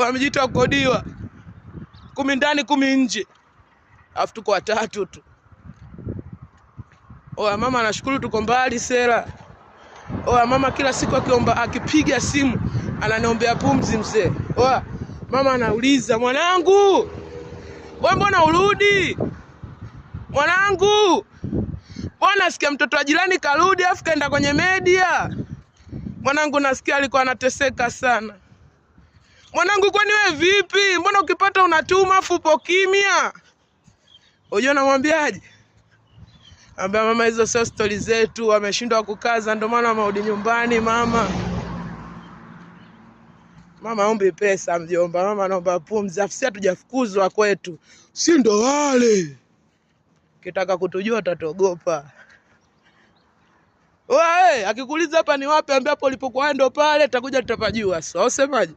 wamejitoa kodiwa kumi ndani kumi nje, alafu tuko watatu tu. Oya mama, nashukuru tuko mbali sera. Oya mama, kila siku akiomba akipiga simu ananiombea pumzi mzee. Oya mama anauliza, mwanangu we mbona urudi? Mwanangu mbona sikia mtoto wa jirani karudi, afu kaenda kwenye media. Mwanangu nasikia alikuwa anateseka sana. Mwanangu, kwani wewe vipi? Mbona ukipata unatuma afu upo kimya? Unajua namwambiaje? Ambia mama, hizo sio stori zetu, wameshindwa kukaza, ndio maana wamerudi nyumbani. Mama mama ombi pesa, mjomba. Mama naomba pumzi, afisi hatujafukuzwa kwetu, si ndo wale kitaka kutujua tatogopa. Wewe akikuuliza hapa ni wapi, ambia hapo ulipokuwa ndo pale, takuja tutapajua. Sasa semaje?